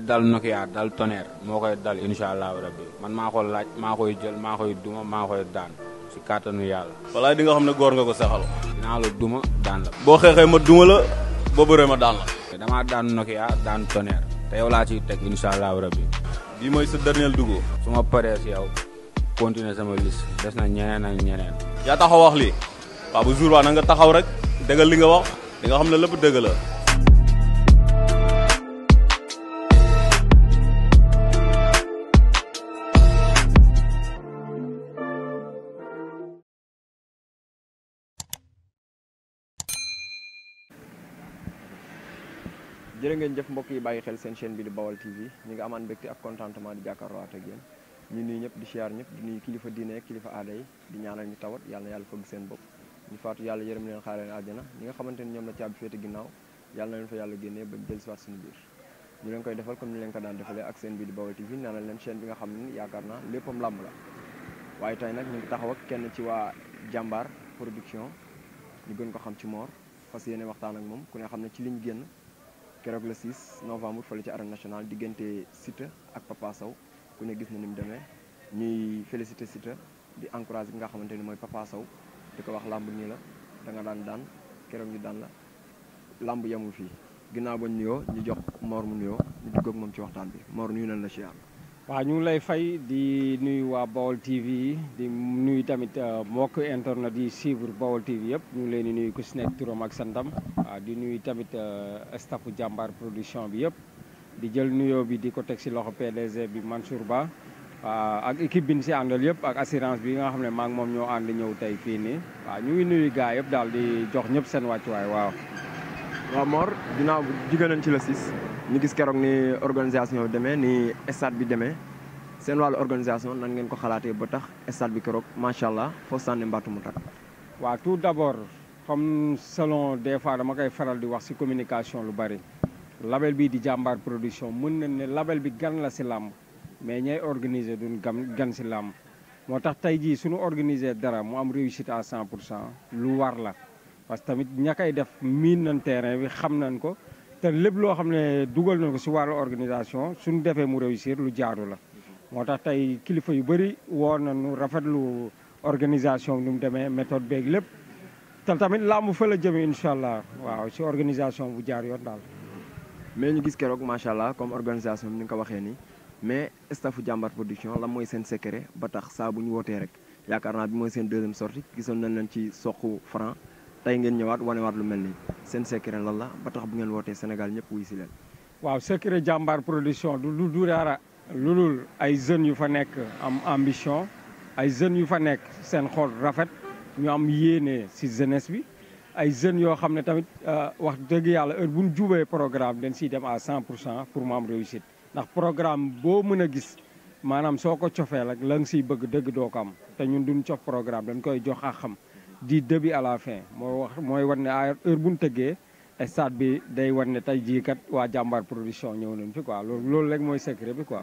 li dal Nokia dal Tonnerre moo koy dal incha allahu man maa ko laaj maa koy jël maa koy duma maa koy daan si kàttanu yàlla. walaay di nga xam ne góor nga ko saxal. dinaa la duma daan la. boo xeexee ma duma la boo bëree ma daan la. damaa daan Nokia daan Tonnerre te yow laa ciy teg incha allahu bii mooy sa dernier dugub. su ma paree si yow continuer sama liste des na ñeneen a ñeneen. yaa taxaw wax lii. waaw bu jour waa na nga taxaw rek dëggal li nga wax. di nga xam ne lépp dëgg la. jërë ngeen jëf mbokk yi bàyyi xel seen chaîne bi di Bawal TV ñu ngi amaan mbégte ak contentement di jàkkaarloo ak yéen ñu nuyu ñëpp di siyaar ñëpp di nuyu kilifa diine ak kilifa aada yi di ñaanal ñu tawat yàlla yàlla fëgg seen bopp ñu faatu yàlla yërëm leen xaare leen àjjana ñi nga xamante ni ñoom la caabi féete ginnaaw yàlla na leen fa yàlla ñu koy defal comme ni leen ko daan defalee ak seen bi di Bawal TV ñaanal leen chaîne bi nga xam ne yaakaar naa léppam làmb la waaye tey nag ñu ngi taxaw kenn ci waa jàmbaar production ñu gën ko xam ci Mor fas yéene waxtaan ak moom ku ne xam ne ci liñ génn keroog le 6 novembre fële ci arène nationale diggante Siteu ak Papa Sow ku ne gis na ni mu demee ñuy félicité Siteu di encouragé bi nga xamante ni mooy Papa Sow di ko wax làmb nii la da nga daan daan keroog ñu daan la làmb yemul fii ginnaaw ba nuyoo ñu jox Mor mu nuyoo ñu dugg ak moom ci waxtaan bi Mor nuyu nañ la si waa ñu ngi lay fay di nuyu waa Bawol TV di nuyu tamit euh, mbokk internet yi suivre Bawol TV yëpp ñu ngi leen di nuyu ku si nekk turam ak santam waaw di nuyu tamit euh, staffu jàmbaar production bi yëpp di jël nuyoo bi di ko teg si loxo PDG bi Mansour Ba waaw ak équipe bi ñu si àndal yëpp ak assurance bi nga xam ne maa ngi moom ñoo ànd ñëw tey fii nii waaw ñu ngi nuyu gars yëpp daal di jox ñëpp seen wàccuwaay waaw. waaw Mor ginnaaw jigéen ci la siis ñu gis keroog ni organisation bi demee ni stade bi demee seen wàllu organisation nan ngeen ko xalaatee ba tax stade bi keroog macha allah foo sànni mbattu mu takk. waaw tout d'abord comme selon des fois dama kay faral di wax ci communication lu bari label bi di jàmbaar production mën nañ ne label bi gan la ci làmb mais ñay organiser duñ gam gan ci làmb moo tax tey jii suñu organiser dara mu am réussite à 100 pour cent lu war la parce que tamit ña koy def miin nañ terrain bi xam nañ ko. te lépp loo xam ne dugal na ko si wàllu organisation suñu defee mu réussir lu jaadu la moo tax tey kilifa yu bëri woo nañu rafetlu organisation bi nu mu demee méthode beeg lépp te tamit làmb fa la jëmee incha allah waaw si organisation bu jaar yoon daal. mais ñu gis keroog macha allah comme organisation bi ni nga ko waxee nii mais staffu jàmbar production la mooy seen secret ba tax saa bu ñu wootee rek yaakaar naa bi mooy seen deuxième sortie gisoon nañ ci soqu franc. tey ngeen ñëwaat wanewaat lu mel nii seen secret lan la ba tax bu ngeen wootee Sénégal ñëpp wuy si leen. waaw secret jàmbaar production du lu du dara lu dul ay jeunes yu fa nekk am ambition ay jeunes yu fa nekk seen xool rafet ñu am yéene si jeunesse bi ay jeunes yoo xam ne tamit euh, wax dëgg yàlla heure bu ñu jubee programme dañ siy dem à 100 pour cent pour mu am réussite ndax programme boo mën a gis. maanaam soo ko cofee rek la nga siy bëgg dëgg doo ko am te ñun duñ cof programme dañ koy jox a xam du début à la fin moo wax mooy wan ne heure bu ñu tëggee stade bi day wan ne tey jii kat waa jàmbaar production ñëw nañ fi quoi loolu loolu mooy secret bi quoi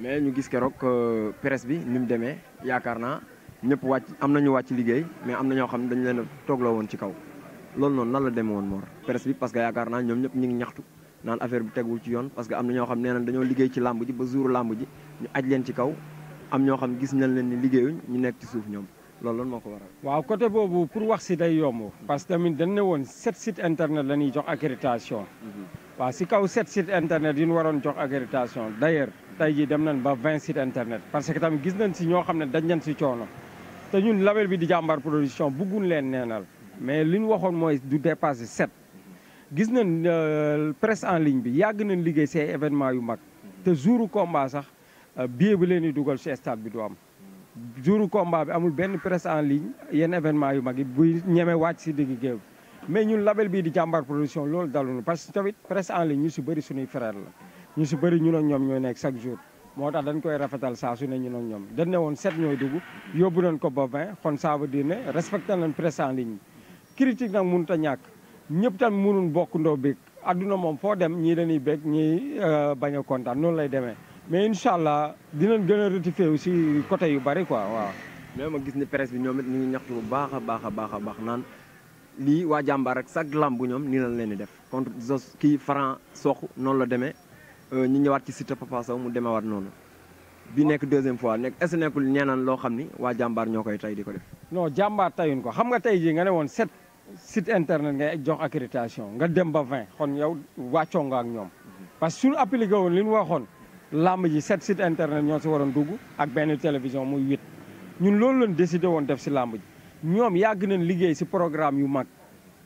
mais ñu gis keroog euh, presse bi ni mu demee yaakaar naa ñëpp wàcc am na ñu wàcc liggéey mais am na ñoo xam ne dañu leen a toogloo woon ci kaw loolu noonu nan la demee woon Mor presse bi parce que yaakaar naa ñoom ñëpp ñu ngi ñaxtu. naan affaire bi tegul ci yoon parce que am na ñoo xam nee na dañoo liggéey ci làmb ba jour làmb ji ñu aj leen ci kaw am ñoo xam gis nañ leen ni liggéeyuñ ñu nekk ci suuf ñoom loolu moo ko waral. waaw côté boobu pour wax si day yomb parce que tamit dañ ne woon sept sit internet la ñuy jox accréditation. Mhm. waa si kaw sept sit internet yi ñu waroon jox accréditation d' ailleurs tey jii dem nañ ba vingt sit internet parce que tamit gis nañ si ñoo xam ne dañ nañ si coono te ñun label bi di jàmbaar production bugguñ leen neenal mais li ñu waxoon mooy du dépasser sept gis nañ euh, presse en ligne bi yàgg nañ liggéey si ay événements yu mag te jouru combat sax euh, billet bi leen di dugal si bi du am. jouru combat bi amul benn presse en ligne yenn événement yu mag yi buy ñeme wàcc si digg géew mais ñun label bii di jàmbaar production loolu dalunu parce que tawit presse en ligne ñu si bëri suñuy frère la ñu si bëri ñun ak ñoom ñooy nekk chaque jour moo tax dañ koy rafetal saa su ne ñun ak ñoom dañ ne woon sept ñooy dugg yóbbu nañ ko ba vingt kon ça veut dire ne respecté nañ presse en ligne critique nag mënut a ñàkk ñëpp tam mënun bokk ndoo béeg adduna moom foo dem ñii dañuy béeg ñii euh, bañ kontaan noonu lay demee mais incha allah dinañ gën a rectifié wu si côté yu bari quoi waaw. mais ma gis ni presse bi ñoom it ñu ngi ñaxtu bu baax a baax a baax a baax naan lii waa jàmbaar rek chaque lamb bu ñoom nii lañ leen di def contre Zos kii Franc Sokh noonu la demee euh, ñu ñëwaat ci a Papa Sow mu demewaat noonu. bi nekk deuxième fois nekk est ce nekkul ñeenaan loo xam ni waa jàmbaar ñoo koy tey di ko def. non jàmbaar tayuñ ko xam nga tey jii nga ne woon sept sit internet ngay jox accréditation nga dem ba vingt kon yow wàccoo nga ak ñoom mhm. parce que suñu li ñu waxoon. làmb ji sept site internet ñoo si waroon dugg ak benn télévision muy huit ñun loolu lañ décidé woon def si làmb ji ñoom yàgg nañ liggéey si programme yu mag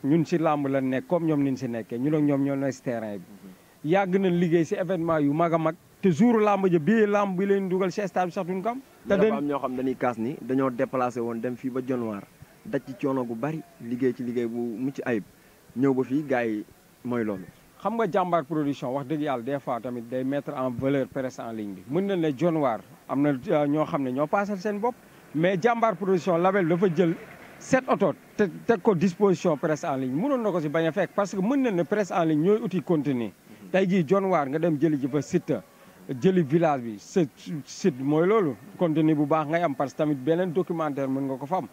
ñun si làmb lañ nekk comme ñoom niñ si nekkee ñu ak ñoom ñoo nekk si terrain bi yàgg nañ liggéey si événement yu mag a mag te jour làmb ja bii làmb bi leen dugal si stade bi sax duñ ko am te dafa am ñoo xam dañuy kaas ni dañoo déplacé woon dem fii ba januar daj ci coono gu bari liggéey ci liggéey bu mucc ayib ñëw ba fii gars yi mooy loolu xam nga jàmbaar production wax dëgg yàlla des fois tamit day mettre en valeur presse en ligne bi mën na ne John Waar am na euh, ñoo xam ne ñoo paasal seen bopp mais jàmbaar production label dafa jël sept oto te teg ko disposition presse en ligne mënoon na ko si bañ a fekk parce que mën nañ ne presse en ligne ñooy outil contenu tey jii John Waar nga dem jëli ji fa site jëli village bi sa site mooy loolu contenu bu baax ngay am parce que tamit beneen documentaire mën nga ko fa am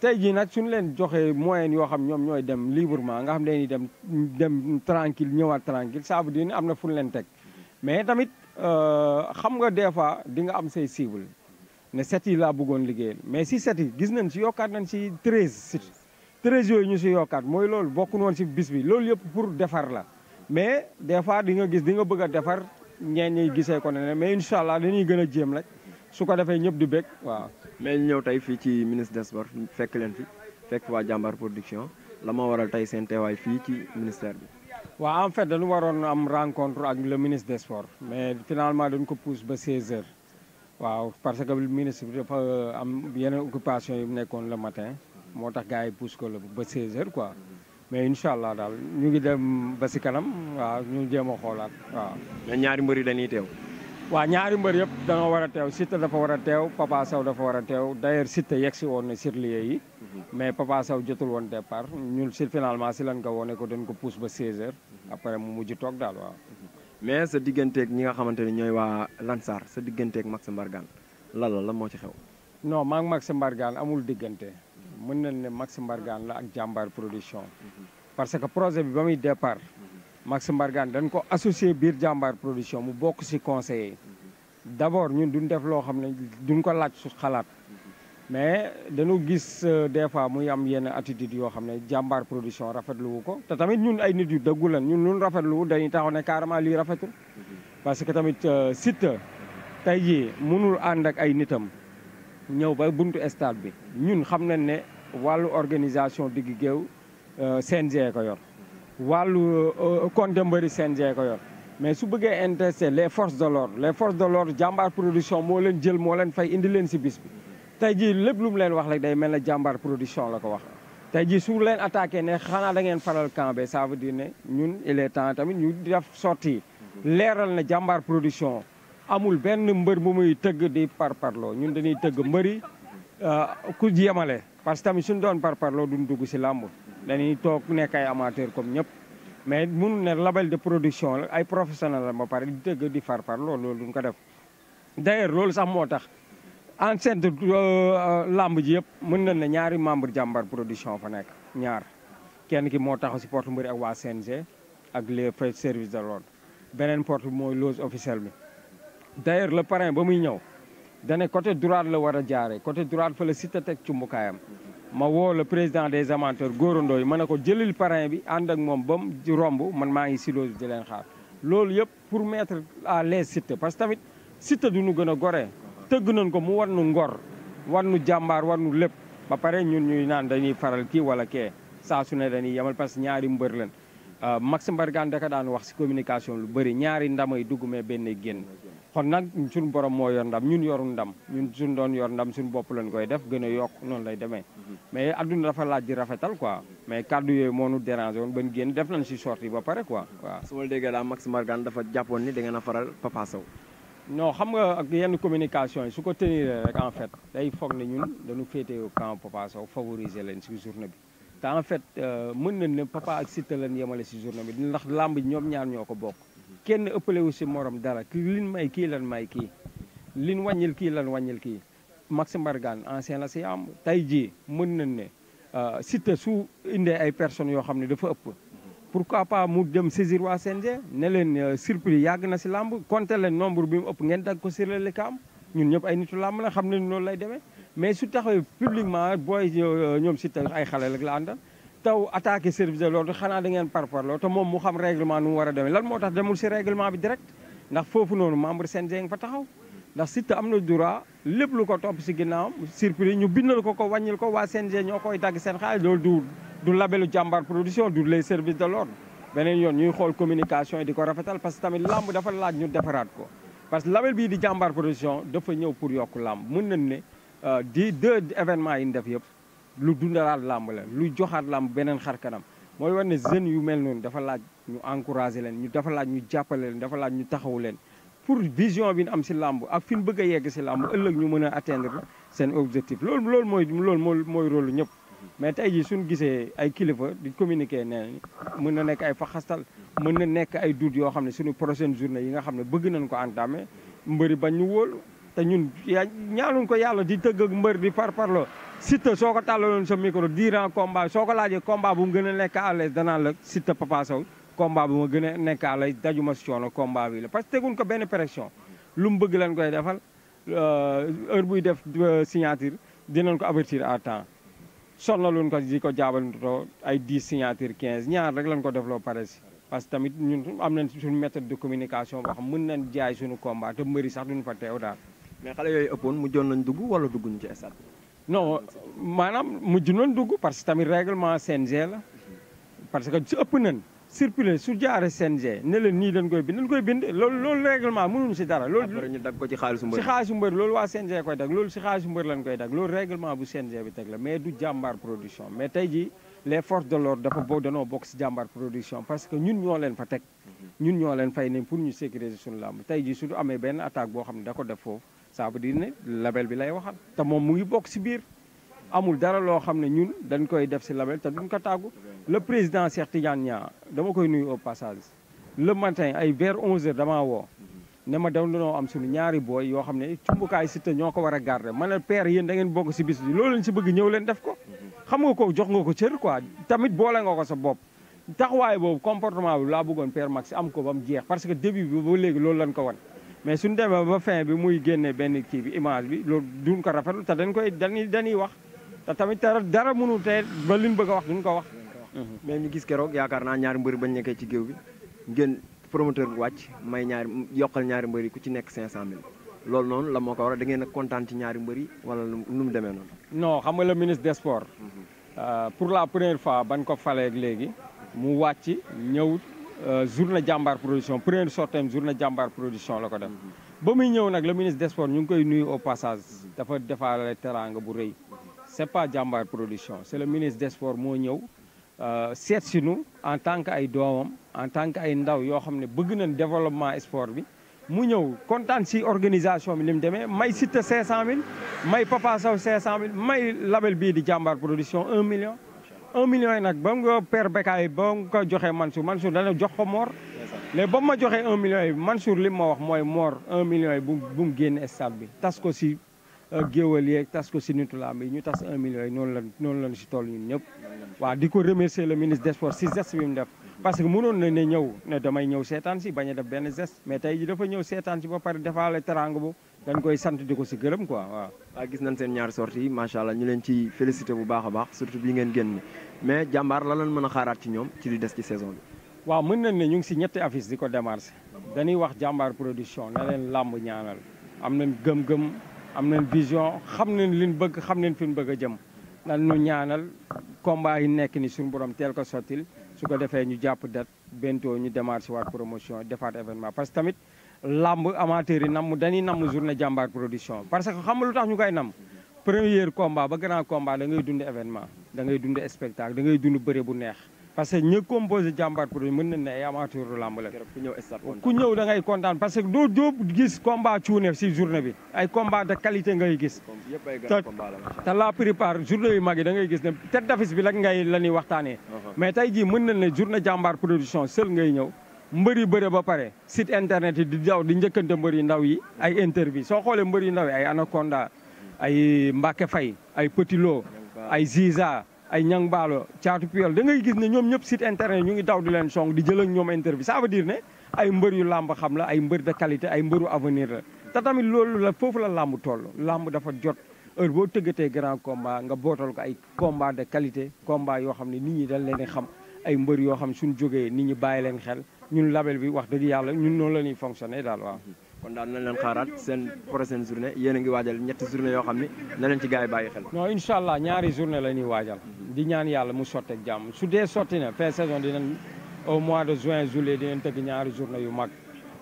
tey jii nag suñu leen joxee moyen yoo xam ñoom ñooy dem librement nga xam dañuy dem dem tranquille ñëwaat tranquille ça di dire ni am na fuñu leen teg mais tamit euh, xam nga des fois di nga am say cible ne set laa bëggoon liggéeyal mais si set yi gis nañ si yokkaat nañ si treize sites treize yooyu ñu si yokkaat mooy loolu bokkul woon si bis bi loolu yëpp pour defar la mais des fois di nga gis di nga bëgg a defar ñeen ñi gisee ko ne mais incha allah dañuy gën a jéem rek su ko defee ñëpp di bég waaw mais ñëw tey fii ci ministre des fekk leen fi fekk waa jàmbar production la ma waral tey seen teewaay fii ci ministère bi. waa en fait dañu waroon am rencontre ak le ministre des sports mais finalement dañ ko pousse ba 16 heures. waaw parce que ministre bi dafa euh, am yeneen occupation yu nekkoon la matin moo tax gars yi pousse ko la ba 16 heures quoi mais incha allah daal ñu ngi dem ba si kanam waaw ñu jéem a xoolaat waaw. mais ñaari mbër yi dañuy teew. waa ñaari mbër yëpp dañoo war a teew Siteu dafa war a teew Papa Sow dafa war a teew d'ailleurs Siteu yegg si woon na sur yi mhm. mais Papa Sow jotul woon départ ñun si finalement si lan ko woone ko dañ ko pousse ba 16 heures mhm. après mu mujj toog daal waaw mhm. mais sa digganteeg ñi nga xamante ne ñooy waa Lansar sa digganteeg Max Mbargane lan la lan moo ci xew non maa ngi Max Mbargane amul diggante mën nañ ne Max Mbargane la ak jàmbaar production parce que projet bi Max Mbargane dañ ko associé biir jàmbaar production mu bokk ci conseiller d' abord ñun duñ def loo xam ne duñ ko laaj su xalaat mais dañu gis euh, des fois muy am yenn attitude yoo xam ne jàmbaar production rafetlu wu ko te tamit ñun ay nit yu dëggu lan ñun luñ rafetlu dañuy taxaw ne carrément lii rafetul parce que tamit euh, Siteu tey jii mënul ànd ak ay nitam ñëw ba buntu stade bi ñun xam nañ ne wàllu organisation digg géew euh, CNG ko yor wàllu euh, euh, compte mbëri seen ko yor mais su bëggee intéressé les forces de l'ordre les forces de l'ordre jàmbaar moo leen jël moo leen fay indi leen si bis bi tey jii lépp lu mu leen wax rek day mel ne jàmbaar production la ko wax tey jii su leen attaqué ne xanaa da ngeen faral camp bi ça veut ne ñun il est temps tamit ñu def sorti leeral na jàmbaar production amul benn mbër mu muy tëgg di par parparloo ñun dañuy tëgg mbëri euh, ku yemale parce que tamit suñu doon parparloo duñ dugg si làmb dañuy toog nekk ay amateur comme ñëpp mais mun ne labal de production la ay professionnel la ba pare di tëgg di far far loolu loolu duñ ko def d'ailleurs loolu sax moo tax enceinte euh, euh, lamb ji yëpp mën nañ ne ñaari membre jàmbar production fa nekk ñaar kenn ki moo taxaw si port mbëri ak waa CNG ak les service de l'ordre beneen porte bi mooy loge officielle bi d'ailleurs la parrain ba muy ñëw dane côté droite la war a jaaree côté droite fa la Siteu teg cumbukaayam ma woo la président des amateurs Gora Ndoye ma ko jëlil parrain bi ànd ak moom ba mu romb man maa ngi si loolu di leen xaar loolu yëpp pour mettre à l'aise Siteu parce que tamit Siteu du ñu gën a goree tëgg nañ ko mu war nu ngor war nu jàmbaar war nu lépp ba pare ñun ñuy naan dañuy faral kii wala kee saa su ne dañuy yemal parce que ñaari mbër leen euh, Max Mbargane da ka daan wax si communication lu bëri ñaari ndamay dugg mee benn génn kon nag suñu borom moo yor ndam ñun yoru ndam ñun suñ doon yor ndam suñu bopp lañ koy def gën a yokk noonu lay demee mhm. mais adduna dafa laaj di rafetal quoi mais kàddu yooyu moo nu dérangé ba ban génn def nañ si sorti ba pare quoi mhm. waaw su ma déggee daal Max Mbargane dafa jàppoon ni da ngeen a faral Papa Sow non xam nga ak yenn communication yi su ko tenir rek en fait day foog ne ñun dañu féete camp Papa Sow favoriser leen si journée bi te en fait euh, mën nañ ne Papa ak Siteu lañ yemale si journée bi ndax làmb ñoom ñaar ñoo ko bokk kenn ëppalewu si morom dara ki liñ may kii lan may kii liñ wàññil kii lan wàññil kii Max Mbargane ancien la si am tey jii mën nañ ne euh, Siteu su indee ay personnes yoo xam ne dafa ëpp pourquoi pas mu dem saisir waa CNG ne leen euh, surpris yàgg na si làmb compter leen nombre bi mu ëpp ngeen dag ko si sirle li am ñun ñëpp ay nitu làmb la xam ne loolu lay demee mais su taxee publiquement booy euh, ñoom Siteu ay xale rek la àndal taw attaqué service de l'ordre xanaa da ngeen parparloo te moom mu xam règlement nu mu war a demee lan moo tax demul si règlement bi direct ndax foofu noonu membre CNG fa taxaw ndax Siteu am na droit lépp lu ko topp si ginnaawam surprise ñu bindal ko ko wàññil ko waa CNG ñoo koy dagg seen xaalis loolu du du labelu jàmbar production du les service de l'ordre beneen yoon ñuy xool communication yi di ko rafetal parce que tamit làmb dafa laaj ñu defaraat ko parce que label bii di jàmbaar production ñëw pour yokk làmb mën nañ ne euh, di deux événements yi ñu yëpp lu dundalaat làmb la lu joxaat làmb beneen xar kanam mooy wane ne jeunes yu mel noonu dafa laaj ñu encouragé leen ñu dafa laaj ñu jàppale leen dafa laaj ñu taxaw leen pour vision bi ñu am si làmb ak fi ñu bëgg a yegg si làmb ëllëg ñu mën a atteindre seen objectif lool loolu mooy loolu mooy mooy rôle ñëpp. mais tey jii suñu gisee ay kilifa di communiquer nee mën na nekk ay faxastal mën na nekk ay doute yoo xam ne suñu prochaine journée yi nga xam ne bëgg nañ ko entamer mbëri bañ ñu wóolu te ñun ñaanuñ ko yàlla di tëgg ak mbër di parparloo Siteu soo ko tàllaloon sa micro durant combat soo ko laajee combat bu mu gën a nekk à l'aise danaa la Siteu Papa Sow combat bu ma gën a nekk à l'aise dajuma si coono combat bi la parce que teguñ ko benn pression lu mu bëgg lañ koy defal euh, heure buy def euh, signature dinañ ko avertir à temps sonnaluñ ko di ko jaabantoo ay 10 signature 15 ñaar rek lañ ko def loo pare si parce que tamit ñun am nañ suñu méthode de communication boo xam mën nañ jaay suñu combat te mbëri sax duñu fa teew daal mais xale yooyu ëppoon mu joon nañ dugg wala dugguñ ci stade non maanaam mujj nañ dugg parce que tamit règlement CNG la parce que su ëpp nañ circuler su jaaree CNG ne leen nii dañ koy bind dañ koy bind loolu loolu règlement mënuñu si dara. loolu ñu dag ko ci xaalisu mbër. si xaalisu mbër loolu waa CNG koy dag loolu si xaalisu mbër lañ koy dag loolu règlement bu CNG bi teg la mais du jàmbaar production mais tey ji les forces de l'ordre dafa boo danoo bokk si jàmbaar production parce que ñun ñoo leen fa teg. Mhm. ñun ñoo leen fay ne pour ñu sécuriser suñu làmb tey jii su benn attaque boo xam ne da ko def ça veut dire ne label bi lay waxal te moom mu ngi bokk si biir amul dara loo xam ne ñun dañ koy def si label te duñ ko tàggu le président Cheikh Tidiane Niang dama koy nuyu au passage le matin ay vers 11 heures damaa woo ne ma dañoo am suñu ñaari booy yoo xam ne cumbukaay Siteu ñoo ko war a garder ma ne père yéen da ngeen bokk si bis bi loolu lañ si bëgg ñëw leen def ko xam nga ko jox nga ko cër quoi tamit boole nga ko sa bopp taxawaay boobu comportement bi laa bëggoon père Max am ko ba mu jeex parce que début bi ba léegi loolu lañ ko wan mais suñu demee ba fin bi muy génne benn kii bi image bi loolu duñ ko rafetlu te dañ koy dañuy dañuy wax te tamit dara mënul tee ba liñ bëgg a wax duñ ko wax. mais ñu gis keroog yaakaar naa ñaari mbëri bañ nekkee ci géew bi ngeen promoteur bu wàcc may ñaari yokkal ñaari mbëri ku ci nekk 500000 loolu noonu la moo ko waral da ngeen a kontaan ci ñaari mbëri wala nu mu demee noonu. non xam nga le ministre des sports. Mhm. Euh, pour la première fois bañ ko faleeg léegi mu wàcc ñëw. Euh, journée jàmbaar production première sortie am journée jàmbaar production la ko def ba muy ñëw nag le ministre des sports ñu ngi koy nuyu au passage dafa defaale teraanga bu rëy c'est pas jàmbaar production c'est le ministre des sports moo ñëw euh, seet si nu en tant que ay doomam en tant que ay ndaw yoo xam ne bëgg nañ développement sport bi mu ñëw kontaan si organisation bi ni mu demee may Siteu 500000 may Papa Sow 500000 may label bii di jàmbaar production un million un million yi nag ba nga père Bécaye ba nga ko joxee Mansour Mansour dana jox ko Mor. léegi ba ma joxee un million yi Mansour li ma wax mooy Mor un million yi bu bu mu génn bi tas ko si. Euh, géwal yeeg tas ko si nutulaam yi ñu tas un million yi noonu la noonu la ñu si tool ñun ñëpp. waaw di ko remercier le ministre des sports si geste bi mu def. parce que mënoon na ne ñëw ne damay ñëw seetaan si bañ a def benn geste mais tey ji dafa ñëw seetaan si ba pare defaale teranga bu. dañ koy sant di ko si gërëm quoi waa waaw gis nañ seen ñaari sorties yi macha allah ñu leen ci félicité bu baax a baax surtout bii ngeen génn mais jàmbaar la lan mën a xaaraat ci ñoom ci li des ci saison bi. waaw mën nañ ne ñu ngi si ñetti affiche di ko démarché dañuy wax jàmbaar production na leen làmb ñaanal am nañ gëm-gëm am nañ vision xam na nañ liñ bëgg xam nañ fi ñu bëgg a jëm nan ñu ñaanal combat yi nekk ni suñu borom teel ko sottil su ko defee ñu jàpp date bentoo ñu démarché waat promotion defaat événement parce que tamit. làmb amateur yi namm dañuy namm journée jàmbaar production parce que xam nga lu tax ñu koy namm premier combat ba grand combat da ngay dund événement da ngay dund spectacle da ngay dund bëre bu neex parce que ñi composé jàmbaar produit mën nañ ne ay amateur du làmb la ku ñëw da ngay kontaan parce que doo doo gis combat cuune si journée bi ay combat de qualité ngay gis te la prépare journée yu mag yi da gis ne tête d'affiche bi lak ngay la ñuy waxtaanee uh-huh. mais tey jii mën nañ ne journée jàmbaar production ngay ñëw mbër yi bëre ba pare site internet yi di daw di njëkkante mbër yi ndaw yi ay interview soo xoolee mbër yi ndaw yi ay Anaconda ay Mbacke fay ay Petit Lo ay Ziza ay Ñang Baalo Caatu Puyol da ngay gis ne ñoom ñëpp site internet ñu ngi daw di leen song di jël ak ñoom interview ça veut dire ne ay mbër yu làmb xam la ay mbër de qualité ay mbëru avenir la te tamit loolu la foofu la làmb toll làmb dafa jot heure boo tëggatee garan combat nga bootal ko ay combat de qualité yoo xam ne nit ñi dañ leen di xam ay mbër yoo xam suñ jógee nit ñi bàyyi leen xel ñun label bi wax dëgg yàlla ñun noonu la ñuy fonctionner daal waaw. kon daal na leen xaaraat seen prochaine journée yéen ngi waajal ñetti journée yoo xam ni na leen ci gars yi bàyyi xel. non incha allah ñaari journée la ñuy waajal. di ñaan yàlla mu sotteeg jàmm su dee sotti na fin saison dinañ au mois de juin juillet dinañ tëgg ñaari journée yu mag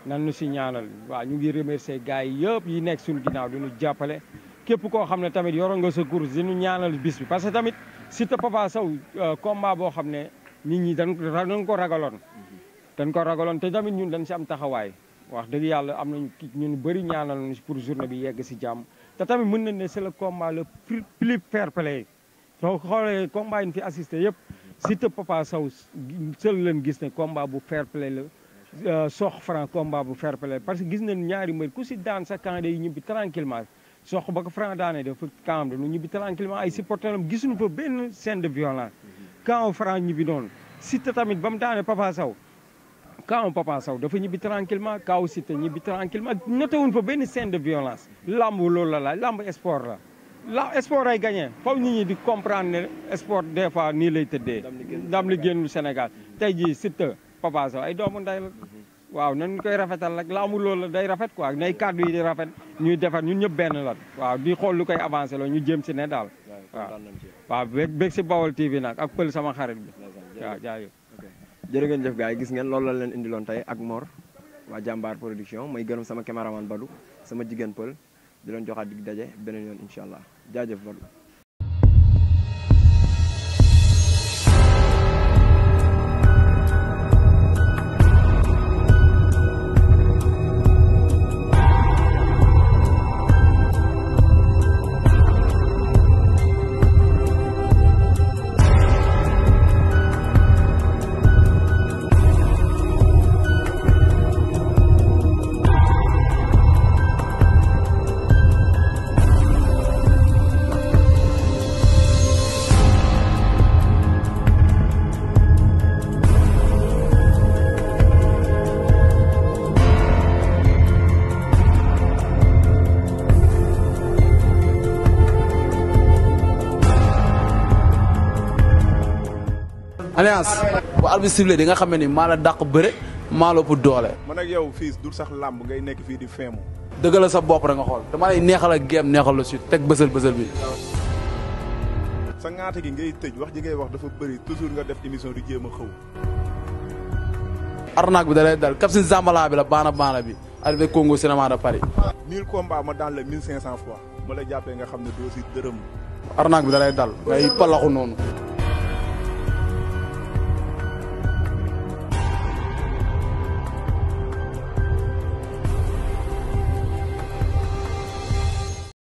na nu si ñaanal waaw ñu ngi remercier gars yi yëpp yi nekk suñu ginnaaw di jàppale. képp koo xam ne tamit yoroon nga sa course di ñu ñaanal bi parce que euh, boo xam ne. nit ñi dañ dañ ko ragaloon mm-hmm. dañ ko ragaloon te tamit ñun dañ si am taxawaay wax dëgg yàlla am nañu ñun bëri ñaanal nañu pour journée bi yegg si jàmm te tamit mën na ne c'est le combat le plus fair play soo xoolee combat yi ñu fi assisté yëpp Siteu Papa Sow seul leen gis ne combat bu fair play la euh, Sokh Franc combat bu fair play parce que gis nañ ñaari mbër ku si daan sa camp day ñibbi tranquillement Sokh ba ko Franc daanee dafa camp dañu ñibbi tranquillement ay supporteram gisuñu fa benn scène de violence mm-hmm. quand Franc ñibbi noonu Siteu tamit ba mu daane Papa Sow quand Papa Sow dafa ñibbi tranquillement quand Siteu ñibbi tranquillement notewuñ fa benn scène de violence lamb loolu la la lamb sport la la sport ay gagné faw ñu ñi di comprendre ne sport des fois nii lay tëddee ndam li génnul Sénégal tey jii Siteu Papa ay doomu ndey waaw mhm. waaw nañ koy rafetal rek lamb lool la day rafet ak nay kàddu yi di rafet ñuy defar ñu ñëpp benn la waaw di xool lu koy avancé la ñu jëm si ne waaw ah. waaw bég si Baol TV nag ak pël sama xarit bi waaw jaajëf jërë ngeen jëf gars yi gis ngeen loolu la leen indiloon tey ak Mor waa jàmbaar production may gërëm sama caméraman Badou sama jigéen pël di leen joxaat dig daje beneen yoon incha allah jaajëf Badou arbitre sifflé di nga xam ni maa la dàq bëre maa la ëpp doole. man a yow fii du sax làmb ngay nekk fii di feemu. dëgg la sa bopp rek nga xool dama neexal ak géem neexal la suite teg bësël bësël bi. sa ngaata gi ngay tëj wax ji ngay wax dafa bëri toujours nga def émission di jéem a xëw. arnaque bi da dal dal kapsin zambala bi la baana baana bi arrivé Congo cinéma de Paris. 1000 combats ma daan la 1500 fois ma la jàppee nga xam ne doo si dërëm. arnaque bi da dal ngay palaxu noonu.